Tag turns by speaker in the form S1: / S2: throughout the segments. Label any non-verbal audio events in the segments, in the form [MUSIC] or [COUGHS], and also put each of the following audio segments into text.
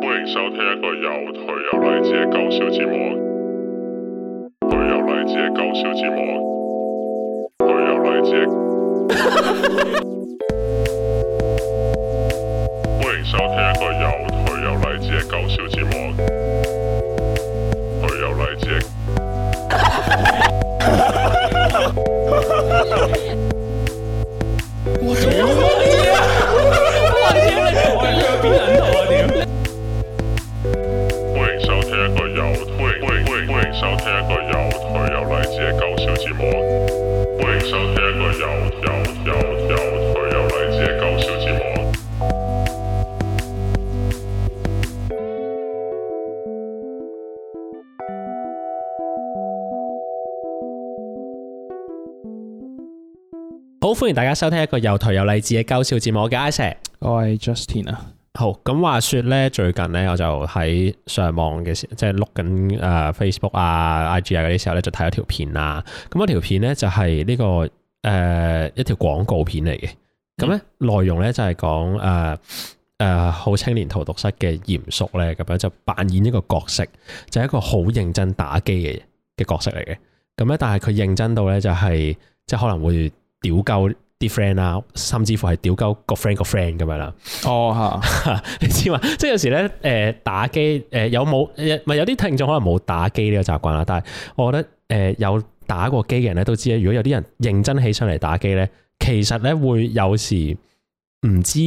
S1: 歡迎收聽一個又頹又勵志嘅搞笑節搞
S2: 笑節目。 [LAUGHS] 歡迎大家收聽一個又頹又勵志嘅搞笑節目，我嘅 I 石，我係 Justin 啊。好，咁話說咧，最近咧我就喺上網嘅時候，即係碌緊誒 Facebook 啊、IG 啊嗰啲時候咧，條就睇咗條片啊。咁嗰條片咧就係呢個誒一條廣告片嚟嘅。咁咧內容咧就係講誒誒好青年荼毒室嘅嚴肅咧，咁樣就扮演一個角色，就係、是、一個好認真打機嘅嘅角色嚟嘅。咁咧但係佢認真到咧就係、是、即係可能會。屌鳩啲 friend 啊，甚至乎係屌鳩個 friend 個 friend 咁樣啦。哦，嚇！ [LAUGHS] 你知嘛？即有時咧，誒打機，誒有冇咪有啲聽眾可能冇打機呢個習慣啦。但係我覺得誒有打過機嘅人咧都知啊。如果有啲人認真起身嚟打機咧，其實咧會有時唔知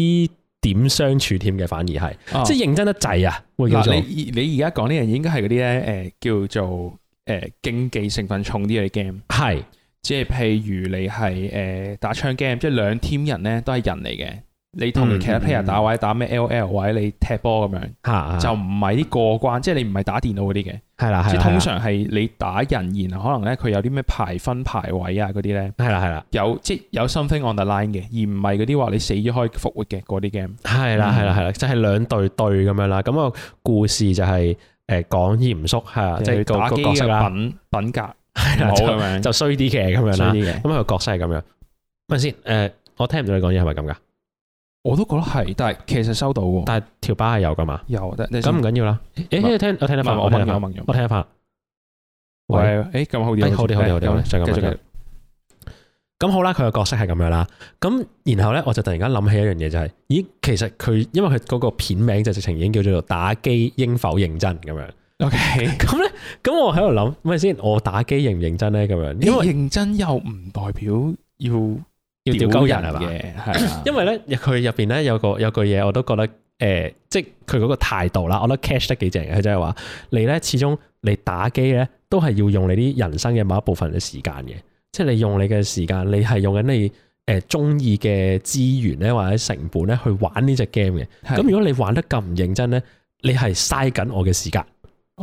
S2: 點相處添嘅，反而係、哦、即認真得滯啊。嗱，你而家講呢樣嘢應該係嗰啲咧誒叫做誒競技成分重啲嘅 game 係。即係譬如你係誒打槍 game，即係兩 team 人咧都係人嚟嘅。你同其他 player 打位打咩 L. L. 位，或者你踢波咁樣，就唔係啲過關，即係你唔係打電腦嗰啲嘅，係啦。即係通常係你打人，然後可能咧佢有啲咩排分排位啊嗰啲咧，係啦係啦，有即係有 something on the line 嘅，而唔係嗰啲話你死咗可以復活嘅嗰啲 game。係啦係啦係啦，就係兩隊隊咁樣啦。咁個故事就係誒講嚴肅吓，即係個角色品品格。係啦，就衰啲嘅咁樣啦。咁佢個角色係咁樣，咪先誒，我聽唔到你講嘢係咪咁噶？我都覺得係，但係其實收到喎。但係條巴係有噶嘛？有，咁唔緊要啦。誒，聽我聽得返，我聽得返。
S1: 喂，誒，咁好啲，好啲，好啲，好啲，就咁啦。
S2: 咁好啦，佢個角色係咁樣啦。咁然後咧，我就突然間諗起一樣嘢就係，咦，其實佢因為佢嗰個片名就直情已經叫做打機應否認真咁樣。OK，咁咧， [LAUGHS] 咁我喺度諗，咪先，我打機認唔認真咧？咁樣，因為認真又唔代表要要釣鳩人係嘛？ [LAUGHS] 因為咧，佢入邊咧有個有句嘢，我都覺得誒、呃，即係佢嗰個態度啦。我咧 catch 得幾正嘅，佢就係話你咧，始終你打機咧，都係要用你啲人生嘅某一部分嘅時間嘅。即係你用你嘅時間，你係用緊你誒中意嘅資源咧，或者成本咧去玩呢隻 game 嘅。咁是如果你玩得咁唔認真咧，你係嘥緊我嘅時間。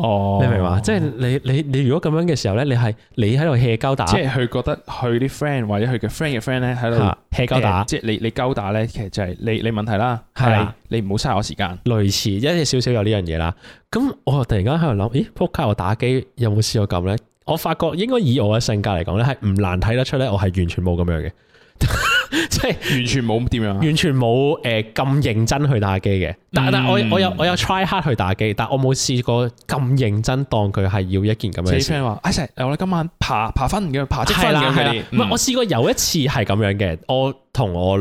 S2: Oh. 你明嘛？即係你你你如果咁樣嘅時候咧，你係你喺度 hea 交打，即係佢覺得佢啲 friend 或者佢嘅 friend 嘅 friend 咧喺度 hea 交打，的打即係你你交打咧，其實就係你你問題啦，係的你唔好嘥我時間。類似一少少有呢樣嘢啦，咁我突然間喺度諗，咦，仆街我打機有冇試過咁咧？我發覺應該以我嘅性格嚟講咧，係唔難睇得出咧，我係完全冇咁樣嘅。 [LAUGHS] 即 [LAUGHS] 係完全冇點樣， [MUSIC] 完全冇誒咁認真去打機嘅。但但我我有我有 try hard 去打機，但我冇試過咁認真當佢係要一件咁樣嘅事、嗯。話哎成， [MUSIC] say, 我哋今晚爬爬分，咁樣爬即係啦，係、嗯、咪？唔係、啊，啊、我試過有一次係咁樣嘅。我同我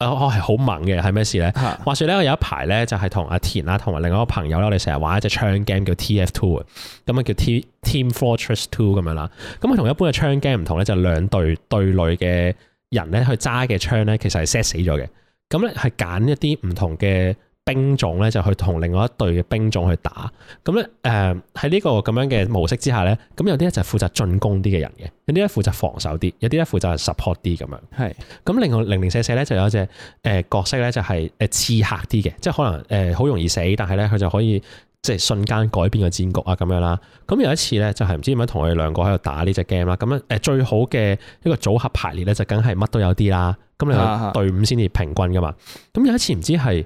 S2: 我我係好猛嘅，係咩事咧？啊、話說咧，我有一排咧就係同阿田啦，同埋另外一個朋友咧，我哋成日玩一隻槍 game 叫 T F Two 咁啊叫 T Team Fortress Two 咁樣啦。咁我同一般嘅槍 game 唔同咧，就兩、是、隊對壘嘅。人咧去揸嘅槍咧，其實係 set 死咗嘅。咁咧係揀一啲唔同嘅兵種咧，就去同另外一隊嘅兵種去打。咁咧，誒喺呢個咁樣嘅模式之下咧，咁有啲咧就負責進攻啲嘅人嘅，有啲咧負責防守啲，有啲咧負責 support 啲咁樣。係是。咁另外零零四四咧，就有一隻誒、呃、角色咧，就係誒刺客啲嘅，即係可能誒好容易死，但係咧佢就可以。即係瞬間改變個戰局啊，咁樣啦。咁有一次咧，就係、是、唔知點樣同我哋兩個喺度打呢隻 game 啦。咁樣誒，最好嘅一個組合排列咧，就梗係乜都有啲啦。咁你隊伍先至平均噶嘛。咁有一次唔知係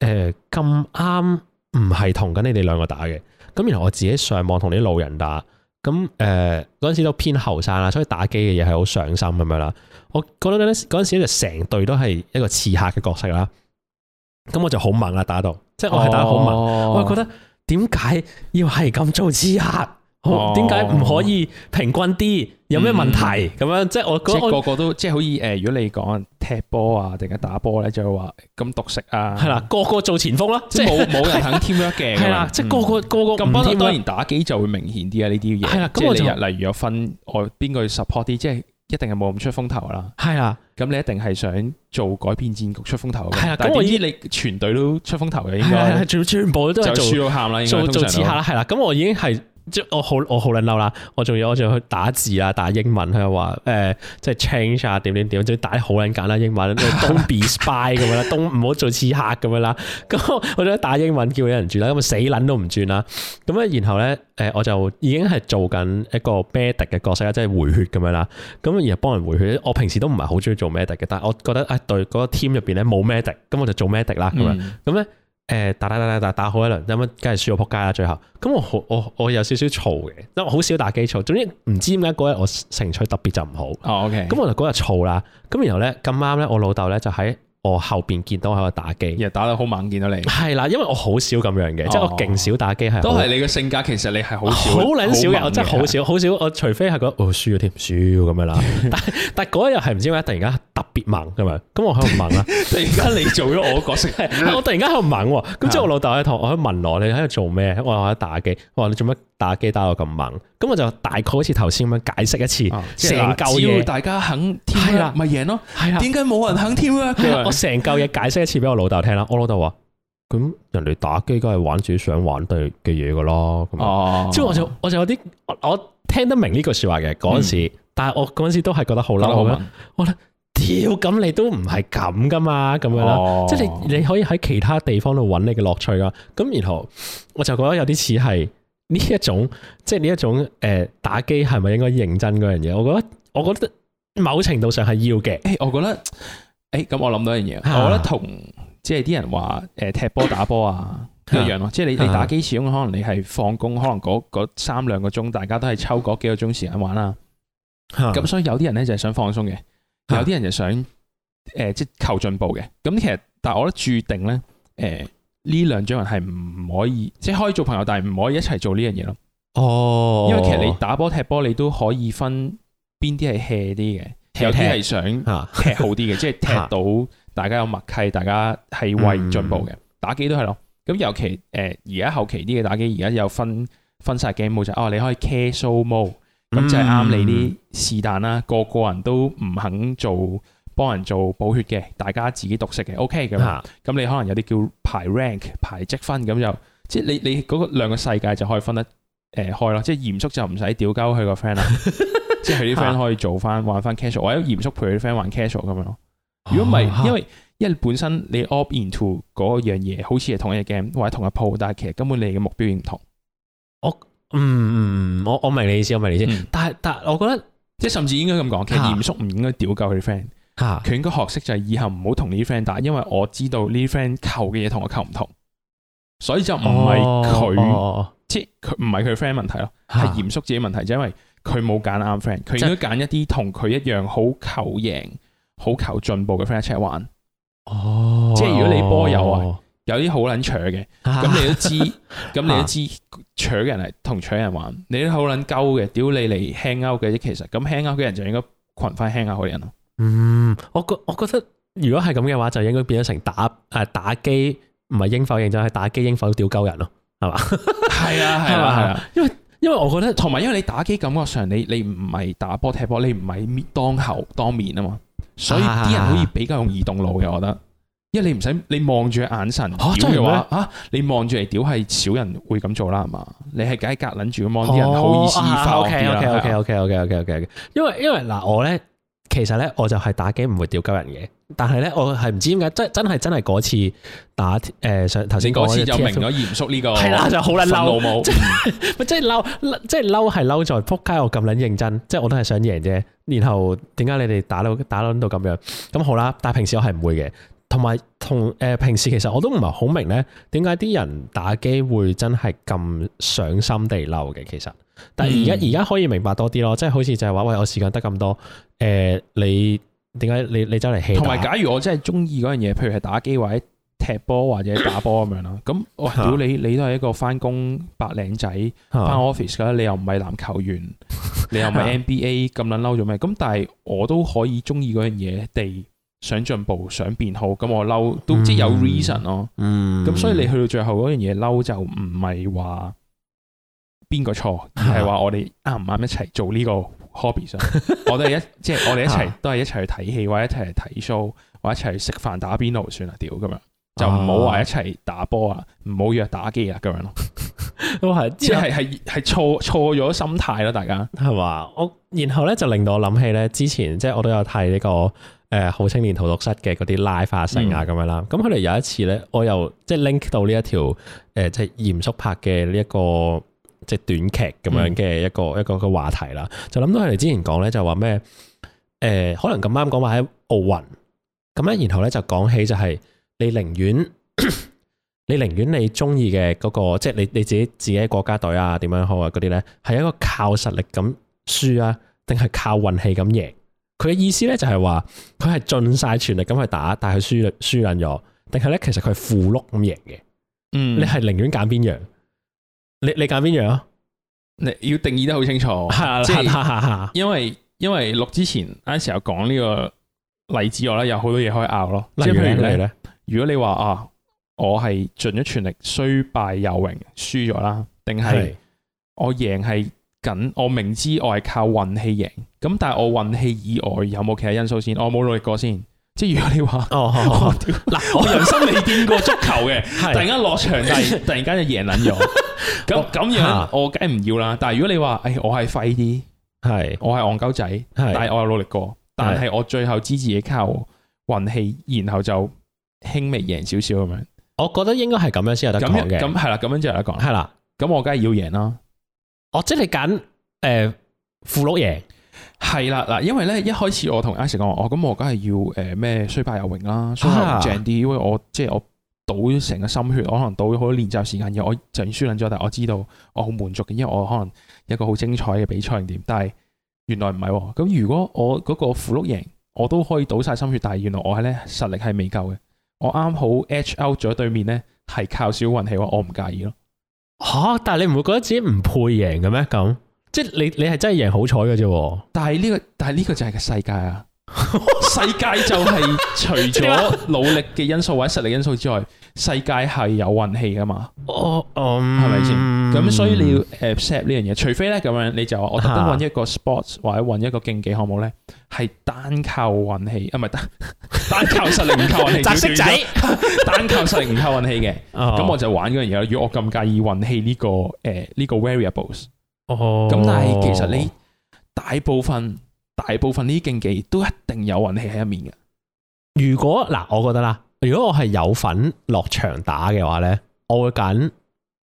S2: 誒咁啱，唔係同緊你哋兩個打嘅。咁原來我自己上網同啲路人打。咁誒嗰陣時都偏後生啦，所以打機嘅嘢係好上心咁樣啦。我覺得嗰陣時，時就成隊都係一個刺客嘅角色啦。咁我就好猛啦，打到即係我係打得好猛，哦、我又覺得。點解要係咁做之後？點解唔可以平均啲？有咩問題咁樣？即係我個個都即係好似誒。如果你講踢波啊，定係打波咧，就係話咁獨食啊？係啦，個個做前鋒啦，即係冇冇人肯 teamwork 嘅。係啦，即係個個個個五，當然打機就會明顯啲啊。呢啲嘢係啦，咁我就例如有分，我邊個要 support 啲，即係。一定係冇咁出風頭啦，係啊，咁你一定係想做改變戰局出風頭的，係啊。咁我知你全隊都出風頭嘅，應該全、啊、全部都都係做做刺客啦，係啦、啊。咁我已經係。即我好我好撚嬲啦！我仲要我仲去打字啦，打英文佢又話誒，即係 change 啊點點點，即係打得好撚簡單英文，都 [LAUGHS] be spy 咁樣啦，當唔好做刺客咁樣啦。咁 [LAUGHS] 我想打英文叫有人轉啦，咁啊死撚都唔轉啦。咁咧然後咧誒，我就已經係做緊一個 medic 嘅角色，即係回血咁樣啦。咁然後幫人回血，我平時都唔係好中意做 medic 嘅，但係我覺得誒、哎、對嗰、嗰個 team 入邊咧冇 medic，咁我就做 medic 啦咁樣。咁咧、嗯。誒，打打打打打打好一輪，點解梗係輸到仆街啦？最後，咁我，我，我，我有少少燥嘅，因為我好少打機燥，總之唔知點解嗰日我情緒特別就唔好。哦，OK，咁我就嗰日燥啦，咁然後呢，咁啱呢，我老豆呢就喺。我後邊見到喺度打機，而打得好猛，見到你係啦，因為我好少咁樣嘅，哦、即係我勁少打機，係都係你嘅性格，其實你係好少，少，好撚少嘅，我真係好少，好少。我除非係覺得輸咗添，唔輸咁樣啦。但但嗰一日係唔知點解突然間特別猛咁樣，咁我喺度猛啦，突然間你做咗我角色， [LAUGHS] 我突然間喺度猛喎。咁 [LAUGHS] 即係我老豆喺度，我喺度問我：你喺度做咩？我話喺打機。我話你做乜？打機打到咁猛，咁我就大概好似頭先咁樣解釋一次，成嚿嘢。大家肯係啦，咪贏咯。係啊，點解冇人肯挑啊？我成嚿嘢解釋一次俾我老豆聽啦。我老豆話：，咁人哋打機都係玩自己想玩嘅嘢噶啦。哦，即係我就我就有啲我我聽得明呢句說話嘅嗰陣時，但係我嗰陣時都係覺得好嬲，好。我咧，屌，咁你都唔係咁噶嘛？咁樣啦，即係你可以喺其他地方度搵你嘅樂趣啊。咁然後我就覺得有啲似係。呢一種即係呢一種誒、呃、打機係咪應該認真嗰樣嘢？我覺得我覺得某程度上係要嘅。誒、欸，我覺得誒，咁、欸、我諗到一樣嘢，啊、我覺得同即係啲人話誒踢波打波啊一樣咯。即係、呃啊啊、你你打機始終可能你係放工，可能嗰三兩個鐘大家都係抽嗰幾個鐘時間玩啦、
S1: 啊。咁、
S2: 啊、所以有啲人咧就係想放鬆嘅，有啲人就想誒、呃、即係求進步嘅。咁其實但係我覺得注定咧誒。呃呢兩種人係唔可以，即係可以做朋友，但係唔可以一齊做呢樣嘢咯。哦
S1: ，oh. 因為其實你
S2: 打波、踢波，你都可以分邊啲係 hea 啲嘅，有啲係想踢好啲嘅，即係 [LAUGHS] 踢到大家有默契，大家係為進步嘅。嗯、打機都係咯，咁尤其誒而家後期啲嘅打機，而家有分分晒 game mode 哦，你可以 casual mode 咁就係啱你啲是但啦。個個人都唔肯做。幫人做補血嘅，大家自己獨食嘅，OK 嘅。咁、啊啊、你可能有啲叫排 rank 排、排積分咁就，即係你你嗰個兩個世界就可以分得誒開咯。即係嚴肅就唔使屌鳩佢個 friend 啦， [LAUGHS]
S1: 即係佢啲 friend 可
S2: 以做翻玩翻 casual、啊、或者嚴肅陪佢啲 friend 玩 casual 咁樣咯。如果唔係、啊，因為因為本身你 opt into 嗰樣嘢，好似係同一個 game 或者同一鋪，但係其實根本你嘅目標唔同。我嗯我我明你意思，我明你意思。嗯、但係但係，我覺得、嗯、即係甚至應該咁講，其實嚴肅唔應該屌鳩佢啲 friend。佢應該學識就係以後唔好同呢啲 friend 打，因為我知道呢啲 friend 求嘅嘢同我求唔同，所以就唔係佢，哦、即佢唔係佢 friend 問題咯，係嚴肅自己問題，就、啊、因為佢冇揀啱 friend，佢應該揀一啲同佢一樣好求贏、好求進步嘅 friend 一齊玩。哦，
S1: 即係如果你波友、哦、啊，
S2: 有啲好撚扯嘅，咁、啊、你都知，咁你都知，扯嘅人係同扯人玩，啊、你都好撚鳩嘅，屌、啊、你嚟 hang 勾嘅啫，其實咁 hang 勾嘅人就應該群翻 hang 下好人咯。嗯，我覺我覺得如果係咁嘅話，就應該變咗成打誒打機，唔係應否認就係打機應否掉鳩人咯，
S1: 係嘛？係 [LAUGHS] 啊，係啊，因為
S2: 因為我覺得同埋因為你打機感覺上你你唔係打波踢波，你唔係當後當面啊嘛，所以啲人可以比較容易動腦嘅，我覺得，啊、因為你唔使你望住眼神，即真係咩啊？你望住嚟屌係少人會咁做啦，係嘛？你係隔一隔諗住咁望啲人，好意思 o K O K O K O K O K O K O K，因為因為嗱、啊、我咧。其實咧，我就係打機唔會吊鳩人嘅，但係咧，我係唔知點解，真真真係真係嗰次打誒、呃、上頭先嗰次就明咗嚴肅呢個係啦， [LAUGHS] [LAUGHS] 就好撚嬲，即係嬲，即係嬲係嬲在扑街，我咁撚認真，即係我都係想贏啫。然後點解你哋打到打到到咁樣？咁好啦，但係平時我係唔會嘅。同埋同誒，平時其實我都唔係好明咧，點解啲人打機會真係咁上心地嬲嘅其實。但而家而家可以明白多啲咯，嗯、即係好似就係話喂，我時間得咁多，誒、呃、你點解你你走嚟氣？同埋，假如我真係中意嗰樣嘢，譬如係打機或者踢波或者打波咁樣啦，咁 [LAUGHS] 我屌你，你都係一個返工白領仔返 office 噶啦，你又唔係籃球員，你又唔係 NBA，咁撚嬲做咩？咁 [LAUGHS] 但係我都可以中意嗰樣嘢地。想進步，想變好，咁我嬲都即係有 reason 咯。咁、
S1: 嗯嗯、所以你
S2: 去到最後嗰樣嘢嬲就唔係話邊個錯，係話、啊、我哋啱唔啱一齊做呢個 hobby 先。 [LAUGHS] 就是、我都一即係我哋一齊都係一齊去睇戲，或者一齊去睇 show，或者一齊去食飯打邊爐算啦，屌咁樣就唔好話一齊打波啊，唔好約打機啊咁樣咯。都係即係係係錯錯咗心態咯，大家係嘛？我然後咧就令到我諗起咧之前，即係我都有睇呢、這個。誒，好、呃、青年荼毒室嘅嗰啲拉花聲啊，咁樣啦。咁佢哋有一次咧，我又即係 link 到呢一條誒，即係嚴肅拍嘅呢、這個、一個即係短劇咁樣嘅一個一個嘅話題啦。就諗到佢哋之前講咧，就話咩誒，可能咁啱講話喺奧運咁咧，然後咧就講起就係你寧願 [COUGHS] 你寧願你中意嘅嗰個，即係你你自己自己國家隊啊，點樣好啊嗰啲咧，係一個靠實力咁輸啊，定係靠運氣咁贏？佢嘅意思咧就係話佢係盡晒全力咁去打，但係佢輸輸緊咗，定係咧其實佢負碌咁贏嘅？嗯，你係寧願揀邊樣？你你揀邊樣咯？你要定義得好清楚，係， [LAUGHS] 因為因為錄之前嗰陣時候講呢個例子我咧有好多嘢可以拗咯，例如你咧，如果你話啊，我係盡咗全力雖敗猶榮輸咗啦，定係我贏係？緊，我明知我係靠運氣贏，咁但係我運氣以外有冇其他因素先？我冇努力過先，即係如果你話哦，嗱，我人生未掂過足球嘅 [LAUGHS] 是，突然間落場，突然突然間就贏捻咗，咁咁樣我梗係唔要啦。但係如果你話，誒、哎，我係廢啲，係 [LAUGHS] 是我係戇鳩仔，但係我有努力過，但係我最後知自己靠運氣，然後就輕微贏少少係咪？ [LAUGHS] 我覺得應該係咁樣先有得講嘅，咁係啦，咁樣先有得講，係啦，咁 [LAUGHS] 我梗係要贏啦。哦，即係你揀誒，負碌贏係啦，嗱，因為咧一開始我同 Alex 講我，咁我梗係要誒咩、呃，雖敗猶榮啦，所以衰唔正啲，啊、因為我即係我賭成個心血，我可能賭好多練習時間嘅，我就算輸撚咗，但我知道我好滿足嘅，因為我可能一個好精彩嘅比賽點，但係原來唔係，咁如果我嗰個負碌贏，我都可以賭晒心血，但係原來我係咧實力係未夠嘅，我啱好 HL 咗對面咧，係靠少運氣，我唔介意咯。吓、啊！但係你唔會覺得自己唔配贏嘅咩？咁即係你你係真係贏好彩嘅啫。但係呢個但係呢個就係個世界啊！世界就係除咗努力嘅因素或者實力因素之外，世界係有運氣噶嘛？哦，係咪先？咁所以你要 accept 呢樣嘢，除非咧咁樣，你就話我特登揾一個 sports 或者揾一個競技項目咧，係單靠運氣啊，唔係單單
S1: 靠實力唔靠運氣，扎色仔，
S2: 單靠實力唔靠運氣嘅。咁我就玩嗰樣嘢咯。如果我咁介意運氣呢個誒呢個 variables，哦，咁但係其實你大部分。大部分呢啲競技都一定有運氣喺入面嘅。如果嗱、呃，我覺得啦，如果我係有份落場打嘅話咧，我會揀誒、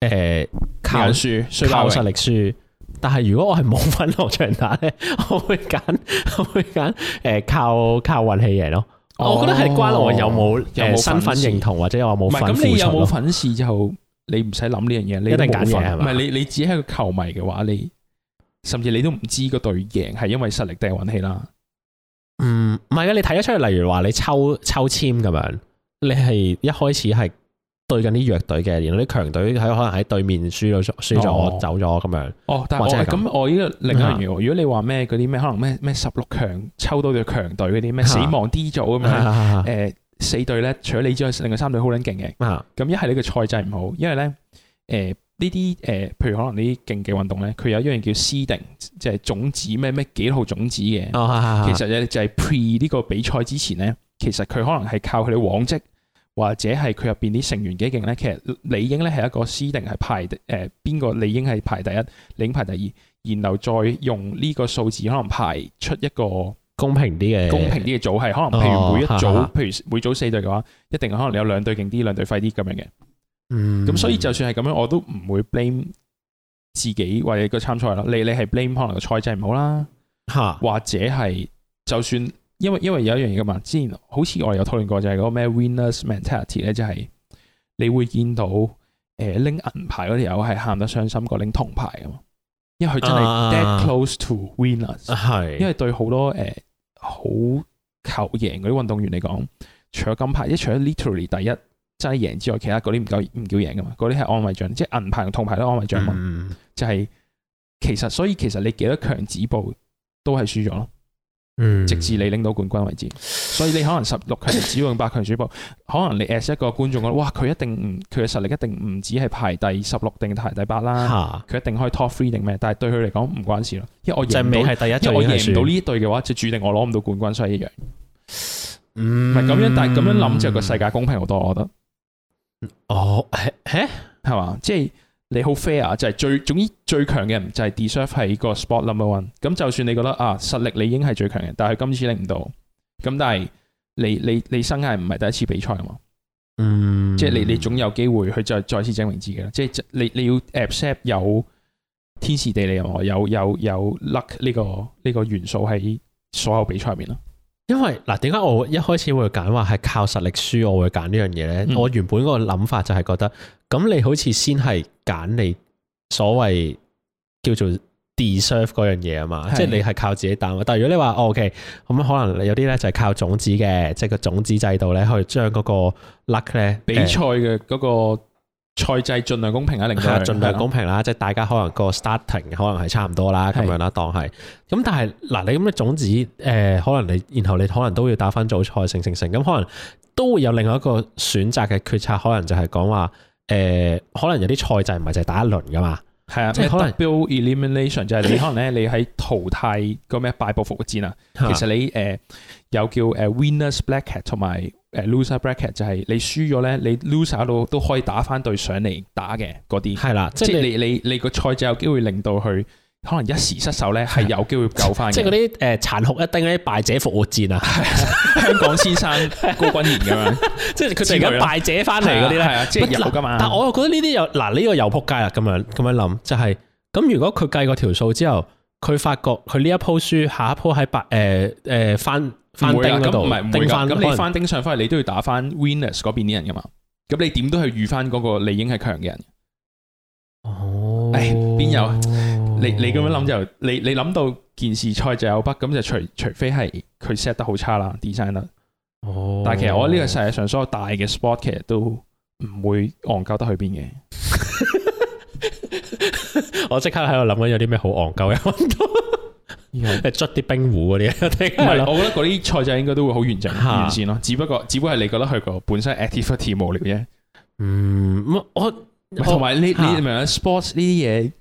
S2: 呃、靠輸有靠，靠實力輸。為但係如果我係冇份落場打咧，我會揀我會揀誒、呃、靠靠運氣贏咯、哦。我覺得係關我有冇誒、哦、身份認同或者有冇粉咁，你有冇粉絲，就你唔使諗呢樣嘢，你一定揀嘢係咪？唔係你你只係個球迷嘅話你。甚至你都唔知個隊贏係因為實力定係運氣啦。嗯，唔係啊，你睇得出嚟。例如話你抽抽籤咁樣，你係一開始係對緊啲弱隊嘅，然後啲強隊喺可能喺對面輸咗輸咗我走咗咁樣。哦，或者咁，我呢個另一樣，如果你話咩嗰啲咩可能咩咩十六強抽到對強隊嗰啲咩死亡 D 組咁樣，誒四隊咧，除咗你之外，另外三隊好撚勁嘅。啊，咁一係你個賽制唔好，因為咧誒。呃呢啲誒，譬如可能呢啲競技運動咧，佢有一樣叫 c 定，即係種子咩咩幾號種子嘅。哦、哈哈其實咧就係 pre 呢個比賽之前咧，其實佢可能係靠佢哋往績，或者係佢入邊啲成員幾勁咧。其實理應咧係一個 c 定係排誒邊個理應係排第一，理應排第二，然後再用呢個數字可能排出一個公平啲嘅，公平啲嘅組係。可能譬如每一組，哦、譬如每，組，哦、譬如每組四隊嘅話，一定可能有兩隊勁啲，兩隊快啲咁樣嘅。嗯，咁所以就算係咁樣，我都唔會 blame 自己或者個參賽咯。你你係 blame 可能個賽制唔好啦，吓哈或者係就算，因為因為有一樣嘢噶嘛。之前好似我哋有討論過就係嗰個咩 winner's mentality 咧，就係你會見到誒拎銀牌嗰條友係喊得傷心過拎銅牌啊嘛，因為佢真係 dead close to winners 係，啊、因為對好多誒好、呃、求贏嗰啲運動員嚟講，除咗金牌，一除咗 literally 第一。真係贏之外，其他嗰啲唔叫唔叫贏噶嘛？嗰啲係安慰獎，即係銀牌同銅牌都安慰獎嘛。嗯、就係其實，所以其實你幾多強止步都係輸咗咯。嗯，
S1: 直至
S2: 你拎到冠軍為止。所以你可能十六強子用八強止步， [LAUGHS] 可能你 S 一個觀眾覺得哇，佢一定唔佢嘅實力一定唔止係排第十六定排第八啦哈。佢一定可以 top three 定咩？但係對佢嚟講唔關事咯，因為我就未係第一，因我贏唔到呢一隊嘅話，就注定我攞唔到冠軍，所以一樣嗯，唔係咁樣，但係咁樣諗就個世界公平好多，我覺得。哦，吓吓，係嘛？即係你好 fair，啊，就係最，總之最強嘅人就係 deserve 係個 spot number one。咁就算你覺得啊，實力你已經係最強嘅，但係今次拎唔到。咁但係你你你生涯唔係第一次比賽啊嘛。嗯、
S1: mm.，即係你
S2: 你總有機會去再再次證明自己咯。即係你你要 accept 有天時地利人和，有有有 luck 呢個呢個元素喺所有比賽入面咯。因為嗱，啊、點解我一開始會揀話係靠實力輸，我會揀呢樣嘢咧？嗯、我原本個諗法就係覺得，咁你好似先係揀你所謂叫做 deserve 嗰樣嘢啊嘛，是的 即係你係靠自己打。但係如果你話，O K，咁可能你有啲咧就係靠種子嘅，即係個種子制度咧，去將嗰個 luck 咧比賽嘅嗰個。嗯賽制盡量公平啊，令到佢盡量公平啦，對即係大家可能個 starting 可能係差唔多啦，咁樣啦，當係咁。但係嗱，你咁嘅種，種子誒、呃，可能你然後你可能都要打翻組賽，成成成咁，可能都會有另外一個選擇嘅決策，可能就係講話誒，可能有啲賽制唔係就係打一輪噶嘛，係啊的，即係是可能 double elimination 就係你可能咧，你喺淘汰個咩敗部復活戰啊， [LAUGHS] 其實你誒、呃、有叫誒 winners bracket 同埋。呃誒 loser bracket 就係你輸咗咧，你 loser 到都可以打翻對上嚟打嘅嗰啲，係啦的，即係你你你個賽制有機會令到佢可能一時失手咧，係有機會救翻。即係嗰啲誒殘酷一丁咧，敗者復活戰啊！香港先生
S1: [LAUGHS] 高君賢咁樣， [LAUGHS] 即係佢哋而家敗者翻嚟嗰啲咧，係啊，即係入到㗎嘛。但我
S2: 又覺得呢啲又嗱呢個又撲街啦，咁樣咁樣諗就係、是、咁。如果佢計過條數之後，佢發覺佢呢一鋪輸，下一鋪喺白誒誒、呃呃、翻。唔，咁唔係唔會，咁你翻頂上翻嚟，你都要打翻 Winners 嗰邊啲人噶嘛？咁你點都係遇翻嗰個理應係強嘅人。哦，
S1: 哎，邊有
S2: 啊？你你咁樣諗就，你你諗到件事賽就有筆，咁就除除非係佢 set 得好差啦 designer 哦。
S1: 但係其實我喺呢個
S2: 世界上所有大嘅 sport 其實都唔會戇鳩得去邊嘅。哦、 [LAUGHS] 我即刻喺度諗緊有啲咩好戇鳩嘅誒，捽啲冰壺嗰啲，唔係，我覺得嗰啲賽制應該都會好完整 [LAUGHS] 完善咯。只不過，只不過係你覺得佢個本身 active fatigue 無聊啫。嗯，我同埋你，我你，你明唔明啊？Sports 呢啲嘢，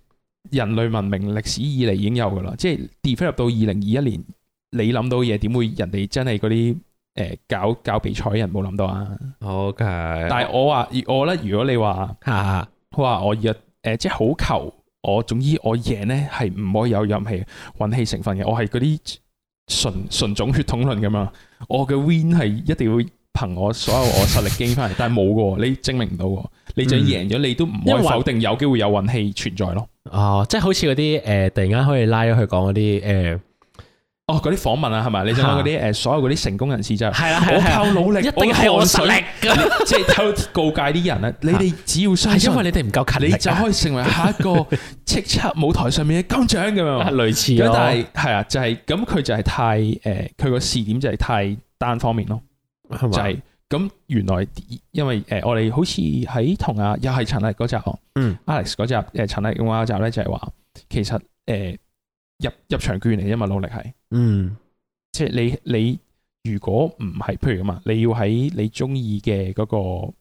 S2: 人類文明歷史以嚟已經有噶啦。即係 develop 到二零二一年，你諗到嘢點會人哋真係嗰啲誒搞搞，搞比賽人冇諗到啊？OK，但係我話，我覺得如果你話，哇， [LAUGHS] 我而誒即係好求，求。我總之我贏咧係唔可以有運氣、運氣成分嘅，我係嗰啲純純種血統論㗎嘛。我嘅 win 係一定要憑我所有我實力贏翻嚟， [LAUGHS] 但係冇嘅，你證明唔到嘅。你就算贏咗，你都唔可以否定有機會有運氣存在咯。啊、嗯哦，即係好似嗰啲誒，突然間可以拉咗佢講嗰啲誒。呃哦，嗰啲訪問啊，係咪？你想嗰啲誒，所有嗰啲成功人士就係，我靠努力，一定係我實力噶，即係都告誡啲人咧，你哋只要想，因為你哋唔夠勤力，你就可以成為下一個叱咤舞台上面嘅金獎咁樣。類似咯，但係係啊，就係咁，佢就係太誒，佢個視點就係太單方面咯，就係咁。原來因為誒，我哋好似喺同阿又係陳麗嗰集哦，Alex 嗰集誒，陳麗嘅話集咧就係話，其實誒入入場券嚟，因為努力係。
S1: 嗯
S2: 即，即係你你如果唔係，譬如咁啊，你要喺你中意嘅嗰個，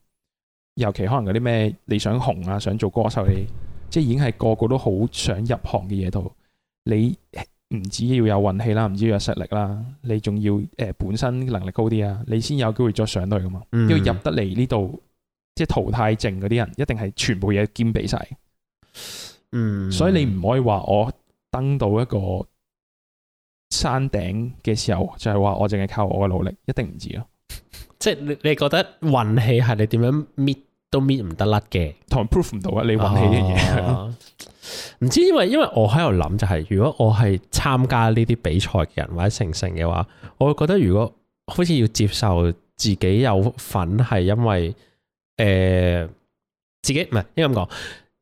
S2: 尤其可能嗰啲咩你想紅啊，想做歌手，你即係已經係個個都好想入行嘅嘢度，你唔止要有運氣啦，唔止要有實力啦，你仲要誒、呃、本身能力高啲啊，你先有機會再上到去噶嘛。嗯、因為入得嚟呢度，即係淘汰剩嗰啲人，一定係全部嘢兼備晒。嗯，所以你唔可以話我登到一個山頂嘅時候就係話我淨係靠我嘅努力，一定唔止咯。即係你你覺得運氣係你點樣搣都搣唔得甩嘅，同 proof 唔到運氣啊！你運氣嘅嘢，
S1: 唔
S2: 知因為因為我喺度諗就係、是，如果我係參加呢啲比賽嘅人或者成成嘅話，我會覺得如果好似要接受自己有份係因為誒、呃、自己唔係應該咁講，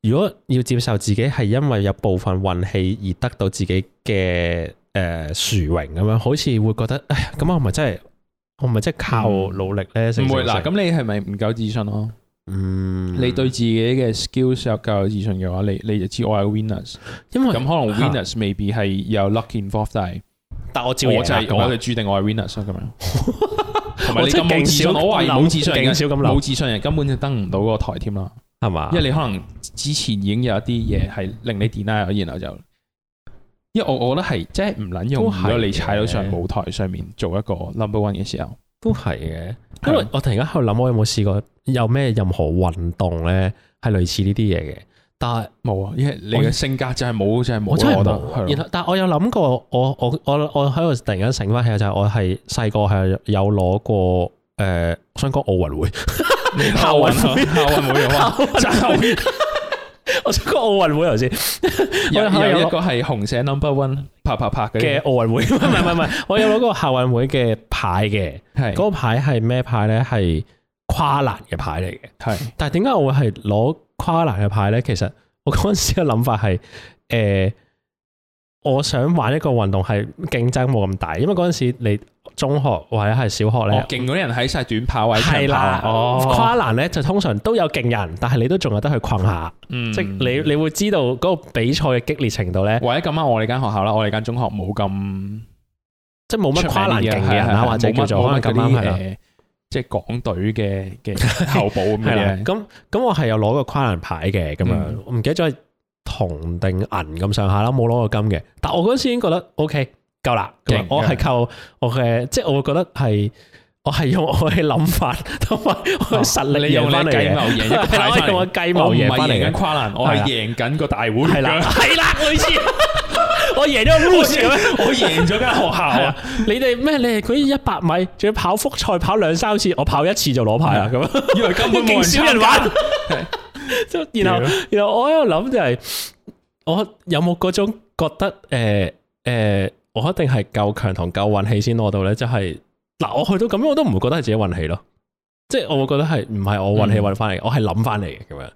S2: 如果要接受自己係因為有部分運氣而得到自己嘅。誒，殊榮咁樣，好似會覺得，哎呀，咁我咪真係，我咪真係靠努力咧？唔會啦，咁你係咪唔夠自信咯？嗯，你對自己嘅 skills 有夠有自信嘅話，你你就知我係 winners。因為咁可能 winners 未必係有 luck involved，但係但我照我就係我就注定我係 winners 咁樣。同埋你咁冇自信，我話冇自信，咁冇自信人根本就登唔到嗰個台添啦，係嘛？因為你可能之前已經有一啲嘢係令你跌啦，然後就。因為我我覺得係即係唔撚用，如果你踩到上舞台上面做一個 number one 嘅時候，都係嘅。因為我突然間喺度諗，我有冇試過有咩任何運動咧係類似呢啲嘢嘅？但係冇啊，因為你嘅性格就係冇，就係冇。我覺得。然後，但係我有諗過，我我我我喺度突然間醒翻起就係我係細個係有攞過誒，想講奧運會，
S1: 奧運，奧運會啊，真係。
S2: 我想個奧運會先，因為， [LAUGHS] 有一個係紅寫 number one，啪啪啪嘅奧運會，唔係唔係，我有攞嗰個校運會嘅牌嘅，係嗰 [LAUGHS] 個牌係咩牌咧？係跨欄嘅牌嚟嘅，係是。但係點解我會係攞跨欄嘅牌咧？其實我嗰陣時嘅諗法係，誒、呃。我想玩一個運動係競爭冇咁大，因為嗰陣時你中學或者係小學咧，勁嗰啲人喺晒短跑位，係啦，哦跨欄咧就通常都有勁人，但係你都仲有得去困下，即係你你會知道嗰個比賽嘅激烈程度咧。或者咁啱我哋間學校啦，我哋間中學冇咁即係冇乜跨欄勁嘅人啦，或者叫做可能嗰啲誒，即係港隊嘅嘅後補咁樣。咁咁我係有攞個跨欄牌嘅，咁樣唔記得咗。銅定銀咁上下啦，冇攞過金嘅。但我嗰陣時已經覺得 OK 夠啦。我係靠我嘅，即係我會覺得係我係用我嘅諗法同埋
S1: 我實力贏翻嚟嘅。我計謀贏，我唔係贏翻跨欄，我係贏
S2: 緊個大碗。係啦，係啦，我以前我贏咗 l 我贏咗間學校啊！你哋咩？你哋佢一百米仲要跑複賽，跑兩三次，我跑一次就攞牌啦。咁，
S1: 因為根本少人玩。 [LAUGHS] 然後 Yeah.
S2: 然後我喺度諗就係、是、我有冇嗰種覺得誒誒、呃呃、我一定係夠強同夠運氣先攞到咧，就係、是、嗱我去到咁樣我都唔會覺得係自己運氣咯，即係我會覺得係唔係我運氣運翻嚟，嗯、我係諗翻嚟嘅咁樣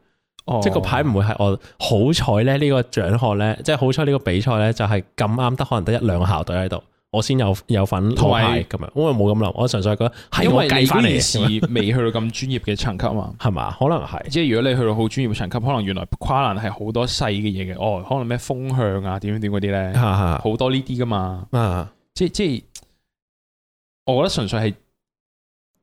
S2: ，oh. 即係個牌唔會係我好彩咧，呢個獎項咧，即係好彩呢個比賽咧就係咁啱得可能得一兩個校隊喺度。我先有有份同埋咁樣，因為我冇咁諗，我純粹覺得係我計翻嚟，因為嗰件事未去到咁專業嘅層級嘛，係嘛？可能係，即係如果你去到好專業嘅層級，可能原來跨欄係好多細嘅嘢嘅，哦，可能咩風向啊，點樣點嗰啲咧，好是多呢啲噶嘛。即即係，我覺得純粹係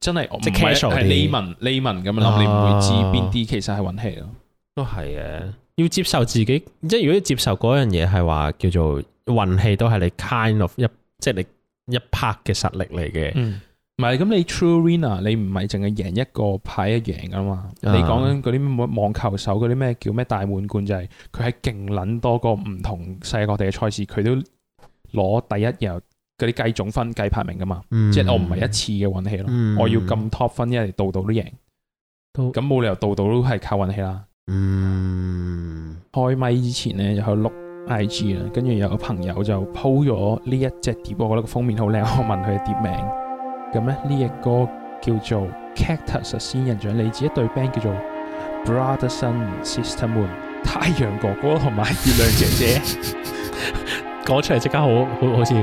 S2: 真係，即係 level level 咁樣諗，你唔會知邊啲其實係運氣咯。都係嘅。要接受自己，即係如果要接受嗰樣嘢，係話叫做運氣，都係你 kind of 一。即係你一拍嘅實力嚟嘅，嗯，唔係咁你 True Winner 你唔係淨係贏一個牌一贏噶嘛？你講緊嗰啲網球手嗰啲咩叫咩大滿貫就係佢係勁捻多個唔同世界各地嘅賽事，佢都攞第一，又嗰啲計總分計排名噶嘛？即係、嗯、我唔係一次嘅運氣咯，嗯、我要咁 top 分，因為度度都贏，咁冇到 理由度度都係靠運氣啦。嗯嗯、開咪之前咧就去碌。I.G 啦，跟住有個朋友就 po 咗呢一隻碟，我覺得個封面好靚。我問佢嘅碟名，咁咧呢隻歌叫做 actus，《Cactus 仙人掌》，嚟自一對 band 叫做 Brother Sun Sister Moon 太陽哥哥同埋月亮姐姐，講 [LAUGHS] [LAUGHS] 出嚟即刻好好好笑。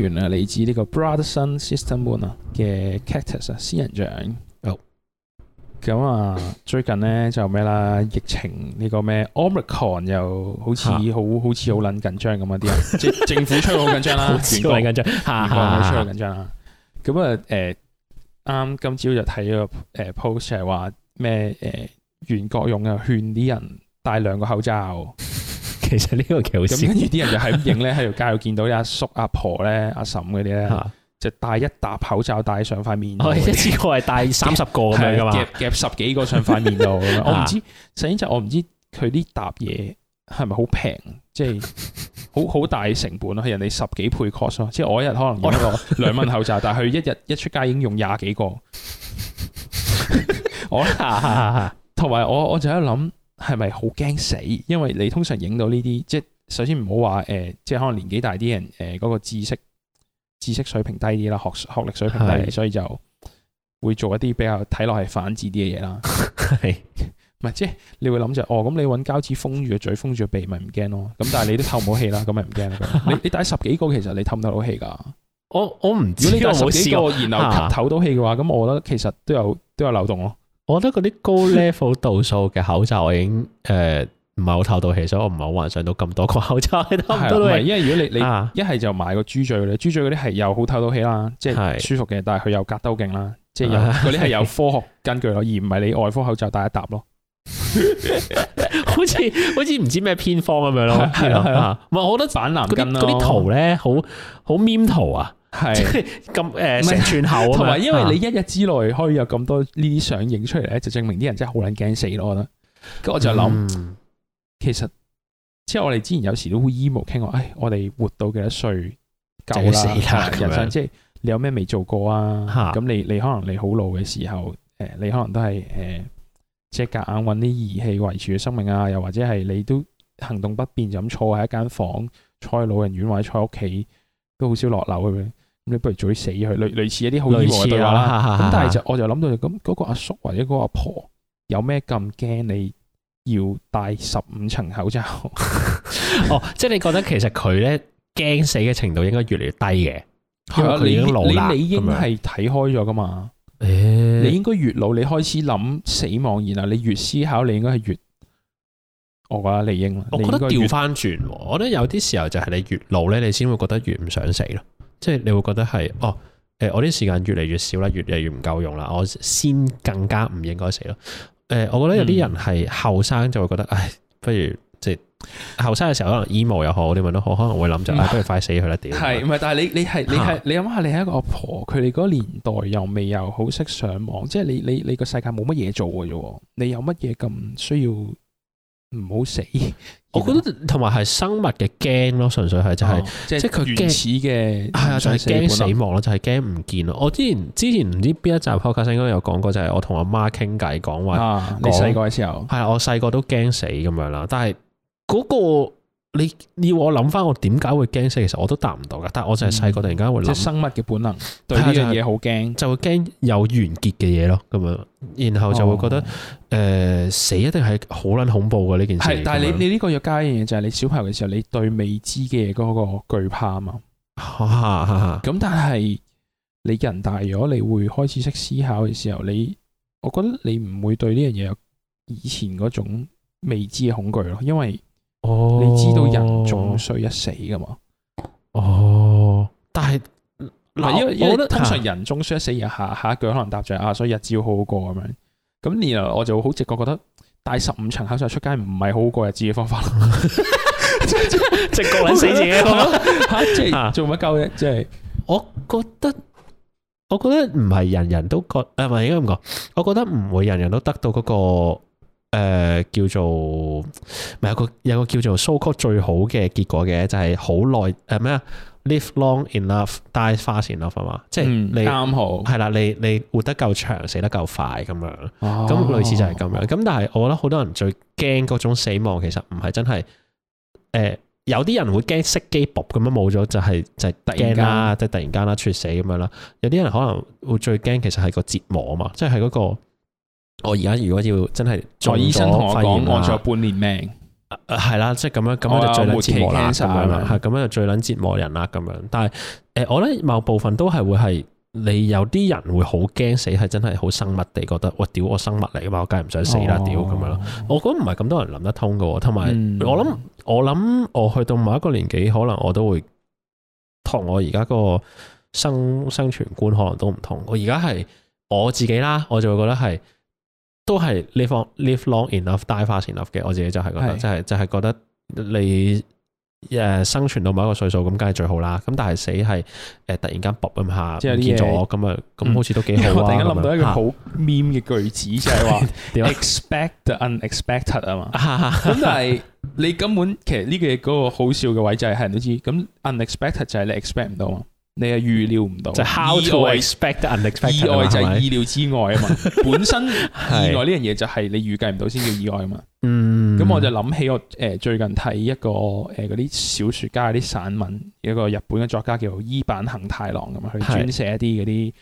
S2: 原啊，嚟自呢個 Brother Sun Sister Moon 啊嘅 Cactus 啊，仙人掌。哦，咁啊，最近咧就咩啦？疫情呢個咩 Omicron 又好似好好似好撚緊張咁啊！啲人即政府出好緊張啦，好緊張，嚇嚇出好緊張啦。咁啊，誒啱今朝就睇咗個誒 post 係話咩？誒袁國勇又勸啲人戴兩個口罩。其實呢個幾好笑，跟住啲人就係咁影咧，喺條街度見到阿叔阿婆咧，阿嬸嗰啲咧， [LAUGHS] 就戴一沓口罩戴上塊面，哦，一次過係戴三十個咁樣噶嘛，夾十幾個上塊面度。 [LAUGHS] 我唔知， [LAUGHS] 實言就我唔知佢呢沓嘢係咪好平，即係好好大成本咯，係人哋十幾倍 cost 咯。即係我一日可能用一個兩蚊口罩， [LAUGHS] 但係佢一日一出街已經用廿幾個。我同埋我我就喺度諗。係咪好驚死？因為你通常影到呢啲，即係首先唔好話誒，即係可能年紀大啲人誒，嗰、呃那個知識知識水平低啲啦，學學歷水平低，是的 所以就會做一啲比較睇落係反智啲嘅嘢啦。係唔係？即係你會諗就哦，咁你搵膠紙封住個嘴，封住個鼻，咪唔驚咯？咁但係你都透唔到氣啦，咁咪唔驚咯？你你帶十幾個其實你透唔得到氣噶？我我唔知，如果你帶十幾個然後吸透到氣嘅話，咁我，我覺得其實都有哈哈都有漏洞咯。我覺得嗰啲高 level 度數嘅口罩我已經誒唔係好透到氣，所以我唔係好幻想到咁多個口罩。係唔係？因為如果你你一係就買個豬嘴嗰豬嘴嗰啲係又好透到氣啦，即、就、係、是、舒服嘅，是啊、但係佢又隔得好勁啦，即係嗰啲係有科學根據咯，而唔係你外科口罩戴一搭咯， [LAUGHS] [LAUGHS] 好似好似唔知咩偏方咁樣咯，係咯，係啊，唔係我覺得板藍根嗰啲圖咧好好面圖啊。 [LAUGHS] 係咁誒，成串口啊，同埋因為你一日之內可以有咁多呢啲相影出嚟咧，啊、就證明啲人真係好撚驚死咯！我覺得，跟我就諗，嗯、其實即係我哋之前有時都會 emo 傾話，誒、哎，我哋活到幾多歲夠啦，人生，啊、即係你有咩未做過啊？咁、啊、你你可能你好老嘅時候，誒、呃，你可能都係誒、呃，即係夾硬揾啲儀器維持嘅生命啊，又或者係你都行動不便就咁坐喺一間房間，坐喺老人院或者坐喺屋企，都好少落樓咁樣。你不如早啲死去，類似類似一啲好醫患啦。咁但係就我就諗到就咁，嗰、嗰個阿叔或者嗰個阿婆有咩咁驚？你要戴十五層口罩？ [LAUGHS] 哦，即係你覺得其實佢咧驚死嘅程度應該越嚟越低嘅。係啊，你已經老啦，你應，欸、你應係睇開咗噶嘛？誒，你應該越老，你開始諗死亡然，然後你越思考，你應該係越我覺得你應。我覺得調翻轉，我覺得有啲時候就係你越老咧，你先會覺得越唔想死咯。即係你會覺得係哦，誒、呃，我啲時間越嚟越少啦，越嚟越唔夠用啦，我先更加唔應該死咯。誒、呃，我覺得有啲人係後生就會覺得，唉，不如即係後生嘅時候可能 emo 又好，點樣都好，可能會諗就，唉，不如快死去啦點。係，唔係？但係你你係你係你諗下，你，你，你，你，想想你一個阿婆，佢哋嗰年代又未又好識上網，即係你你你個世界冇乜嘢做嘅啫，你有乜嘢咁需要？唔好死，我覺得同埋係生物嘅驚咯，純粹係、哦、就係、是、即係原始嘅，係啊、哎呀，就係驚死亡咯，就係驚唔見咯。來我之前之前唔知邊一集《Professor》應該有講過，就係、是、我同阿媽傾偈，講話、啊、說你細個嘅時候，係啊，我細個都驚死咁樣啦，但係嗰、那個。你要我諗翻，我點解會驚死？其實我都答唔到噶。但係我就係細個突然間會、嗯、即生物嘅本能，對呢樣嘢好驚，就會驚有完結嘅嘢咯。咁樣，然後就會覺得誒、哦呃，死一定係好撚恐怖嘅呢件事。是樣但係你你呢個要加一樣嘢，就係、是、你小朋友嘅時候，你對未知嘅嗰個懼怕啊嘛。咁、啊、但係你人大咗，你會開始識思考嘅時候，你我覺得你唔會對呢樣嘢有以前嗰種未知嘅恐懼咯，因為。哦，你知道人終須一死㗎嘛？哦但，但係嗱，我因為通常人終須一死一，日下是是 下一句可能答着「啊，所以日子要好好過咁樣。咁然後我就好直覺覺得，戴十五層口罩出街唔係好過日子嘅方法，
S1: 直係個人死自己咯。即係做乜
S2: 鳩啫？即、就、係、是、 [LAUGHS] 我覺得，我覺得唔係人，人人都覺，誒唔係，應該咁講。我覺得唔會人人都得到嗰、那個。誒、呃，叫做咪有個有個叫做 so called 最好嘅結果嘅，就係好耐，誒咩啊？Live long enough die fast enough 嘛，即係、嗯、你啱好係啦，你你活得夠長，死得夠快咁樣，咁、哦、類似就係咁樣。咁但係我覺得好多人最驚嗰種死亡，其實唔係真係誒、呃，有啲人會驚熄機 boom 咁樣冇咗，就係、是、就係、是、突然啦，即係突然間啦，猝死咁樣啦。有啲人可能會最驚，其實係個折磨啊嘛，即係嗰個。我而家如果要真係，再醫生同我講，我仲有半年命，係啦、啊啊，即係咁樣咁樣就最折磨啦咁樣啦，係咁、oh yeah, 樣就最捻折磨人啦咁樣，樣，樣。但係誒、呃，我咧某部分都係會係，你有啲人會好驚死，係真係好生物地覺得，我屌我生物嚟噶嘛，我梗係唔想死啦，屌咁、oh. 樣咯。我覺得唔係咁多人諗得通噶，同埋、嗯、我諗我諗，我去到某一個年紀，可能我都會同我而家個生生存觀可能都唔同。我而家係我自己啦，我就會覺得係。都係 live long live long enough die fast enough 嘅，我自己就係覺得，是的 即係即係覺得你誒、yeah, 生存到某一個歲數咁，梗係最好啦。咁但係死係誒、呃、突然間卜咁下即見咗，咁、嗯、啊咁好似都幾好。嗯、我突然間諗到一句好 mean 嘅句子，啊、就係話 [LAUGHS] 樣 expect the unexpected [LAUGHS] 啊嘛。咁但係你根本其實呢個嗰個好笑嘅位就係、是、係人都知，咁 unexpected 就係你 expect 唔到嘛。你係預料唔到，就係 how to expect unexpected。意外就係意料之外啊嘛，
S1: [LAUGHS] 本身意外呢
S2: 樣嘢就係你預計唔到先叫意外啊嘛。嗯
S1: [LAUGHS] 是，咁我
S2: 就諗起我誒最近睇一個誒嗰啲小說家啲散文，有個日本嘅作家叫做伊坂幸太郎咁啊，佢專寫一啲嗰啲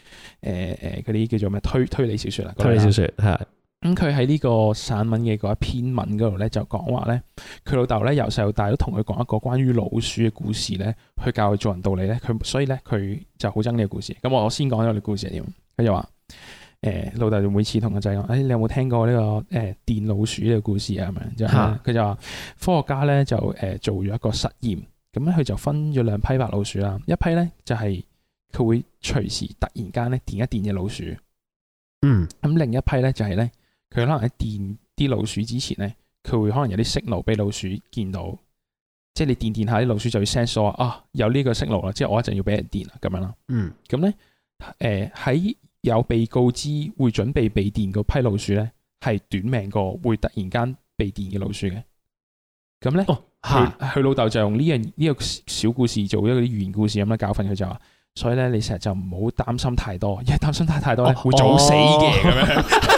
S2: 誒誒啲叫做咩推推理小說啊，推理小說係。咁佢喺呢個散文嘅嗰一篇文嗰度咧，就講話咧，佢老豆咧由細到大都同佢講一個關於老鼠嘅故事咧，去教佢做人道理咧。佢所以咧，佢就好憎呢個故事。咁我先講咗呢個故事係點。佢就話：誒、欸，老豆就每次同個仔講，誒、欸，你有冇聽過呢、這個誒、欸、電老鼠嘅故事呢、就是、啊？咁樣，佢就話科學家咧就誒、呃、做咗一個實驗，咁咧佢就分咗兩批白老鼠啦，一批咧就係、是、佢會隨時突然間咧電一電嘅老鼠。嗯，咁另一批咧就係、是、咧。佢可能喺電啲老鼠之前咧，佢會可能有啲信號俾老鼠見到，即係你電電下啲老鼠就會 sense 啊，有呢個信號啦，即係我一陣要俾人電啦咁樣啦。嗯，咁咧，誒、呃、喺有被告知會準備被電嗰批老鼠咧，係短命過會突然間被電嘅老鼠嘅。咁咧，佢、哦、老豆就用呢樣呢個小故事做一個啲寓言故事咁樣教訓佢就話，所以咧你成日就唔好擔心太多，因為擔心太太多咧會早死嘅咁樣。哦哦
S1: [LAUGHS]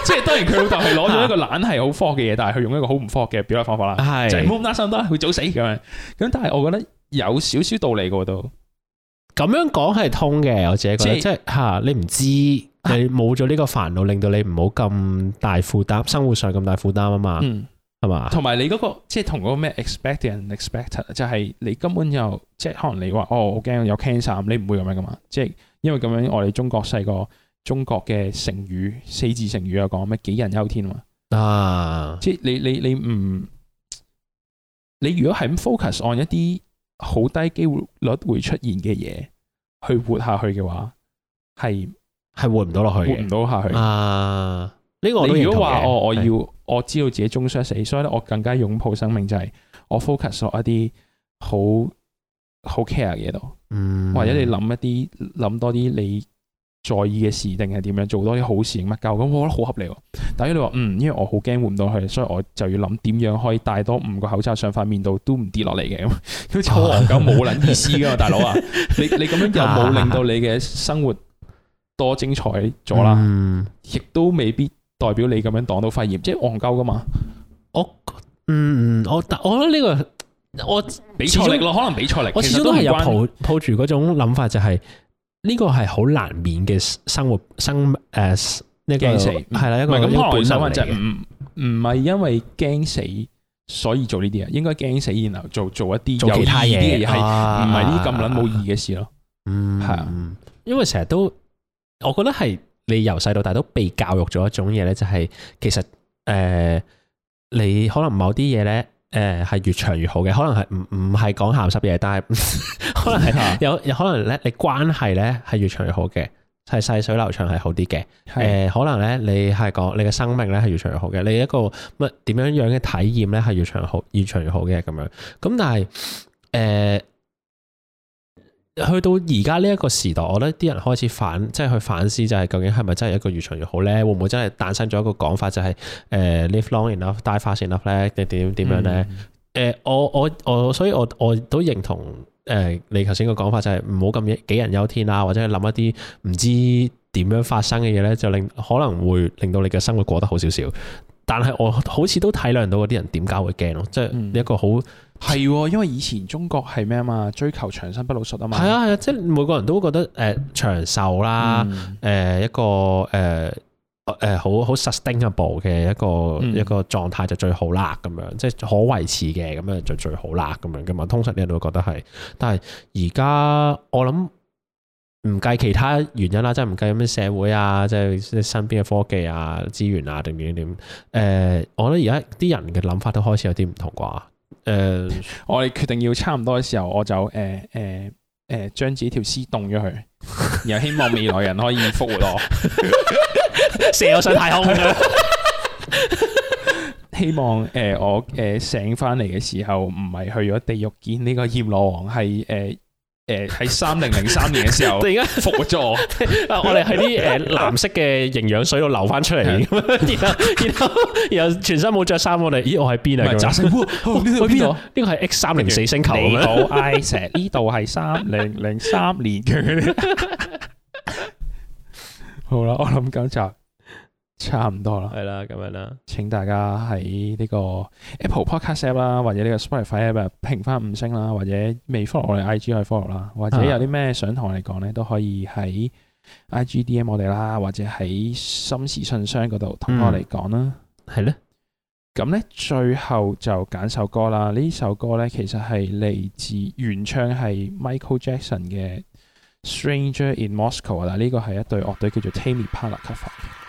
S1: [LAUGHS] 即係當
S2: 然佢老豆係攞咗一個懶係好科嘅嘢，啊、但係佢用一個好唔科嘅表達方法啦，是就係 move nothing 都係會早死咁樣。咁但係我覺得有少少道理嘅喎都。咁樣講係通嘅，我自己覺得，即係嚇、啊、你唔知你冇咗呢個煩惱，啊、令到你唔好咁大負擔，生活上咁大負擔啊嘛，係嘛、嗯？吧那個、同埋你嗰個即係同嗰個咩 expectant expecter，就係你根本就，即係可能你話哦，我驚有 cancer，你唔會咁樣噶嘛？即係因為咁樣我哋中國細個。中國嘅成語四字成語有講咩？杞人憂天啊嘛，啊即係你你你唔，你如果係咁 focus on 一啲好低機會率會出現嘅嘢去活下去嘅話，係係活唔到落去，活唔到下去，下
S1: 去
S2: 啊！呢、這個你如果話我我要我知道自己終將死，所以咧我更加擁抱生命就係我 focus 喺一啲好好 care 嘅嘢度，嗯、
S1: 或者你
S2: 諗一啲諗多啲你。在意嘅事定係點樣多做多啲好事乜鳩咁？我覺得好合理。但係如果你話嗯，因為我好驚換唔到佢，所以我就要諗點樣可以戴多五個口罩上塊面度都唔跌落嚟嘅。咁佢錯戇鳩冇捻意思噶， [LAUGHS] 大佬啊！你你咁樣又冇令到你嘅生活多精彩咗啦。亦、啊嗯、都未必代表你咁樣擋到肺炎，即係戇鳩噶嘛。我嗯我我覺得呢個我比賽力咯，終可能比賽力。我始終都係有抱住嗰種諗法，就係、是。呢個係好難免嘅生活生，誒，驚死係啦，一個一個本能嚟嘅。唔唔係因為驚死所以做呢啲嘢，應該驚死然後做做一啲有意義啲嘅嘢，係唔係啲咁卵冇意義嘅事咯？啊、的嗯，係啊的，因為成日都，我覺得係你由細到大都被教育咗一種嘢咧，就係、是、其實誒、呃，你可能某啲嘢咧。誒，係、呃、越長越好嘅，可能係唔唔係講鹹濕嘢，但係 [LAUGHS] 可能係有有可能咧，你關係咧係越長越好嘅，係細水長流係好啲嘅。誒是、呃，可能咧你係講你嘅生命咧係越長越好嘅，你一個乜點樣樣嘅體驗咧係越長好越長越好嘅咁樣。咁但係誒。呃去到而家呢一個時代，我覺得啲人開始反，即係去反思，就係究竟係咪真係一個越長越好咧？會唔會真係誕生咗一個講法，就係誒，live long enough, die fast enough 咧，點點點樣咧？誒、嗯呃，我我我，所以我我都認同誒、呃，你頭先個講法就係唔好咁杞人憂天啦、啊，或者諗一啲唔知點樣發生嘅嘢咧，就令可能會令到你嘅生活過得好少少。但係我好似都體諒到嗰啲人點解會驚咯，即、就、係、是、一個好。嗯係，因為以前中國係咩啊嘛，追求長生不老術啊嘛。係啊係啊，即係每個人都覺得誒、呃、長壽啦，誒、嗯呃、一個誒誒、呃、好好、呃、sustainable 嘅一個、嗯、一個狀態就最好啦，咁樣即係可維持嘅咁樣就最好啦，咁樣噶嘛。通常啲人都會覺得係，但係而家我諗唔計其他原因啦，即係唔計咩社會啊，即係即係身邊嘅科技啊、資源啊定點點。誒、呃，我覺得而家啲人嘅諗法都開始有啲唔同啩。誒，uh, 我哋決定要差唔多嘅時候，我就誒誒誒，將、uh, uh, uh, uh, 自己條屍凍咗佢， [LAUGHS] 然後希望未來人可以復活我， [LAUGHS]
S1: 射我上太空，
S2: [LAUGHS] [LAUGHS] 希望誒、uh, 我誒、uh, 醒翻嚟嘅時候，唔係去咗地獄見呢個閻羅王，係誒。Uh, 誒，喺三零零三年嘅時候，突然間復活咗我。我哋喺啲誒藍色嘅營養水度流翻出嚟，然後然後然後全身冇着衫，我哋，咦，我喺邊啊？邊度，
S1: 我呢度喺邊度？
S2: 呢個係 X 三零四星球咩？你好，Iset，呢度係三零零三年
S1: 嘅。
S2: 好啦，我諗今集。差唔多啦，係啦，咁樣啦，請大家喺呢個 Apple Podcast App 啦，或者呢個 Spotify App 評翻五星啦，或者未 follow 我哋 I G 可以 follow 啦，啊、啦，或者有啲咩想同我哋講咧，都可以喺 I G D M 我哋啦，或者喺心事信箱嗰度同我哋講啦，係咧。咁咧，最後就揀首歌啦。呢首歌咧，其實係嚟自原唱係 Michael Jackson 嘅《Stranger in Moscow》啦，但係呢個係一隊樂隊叫做 Tame Impala cover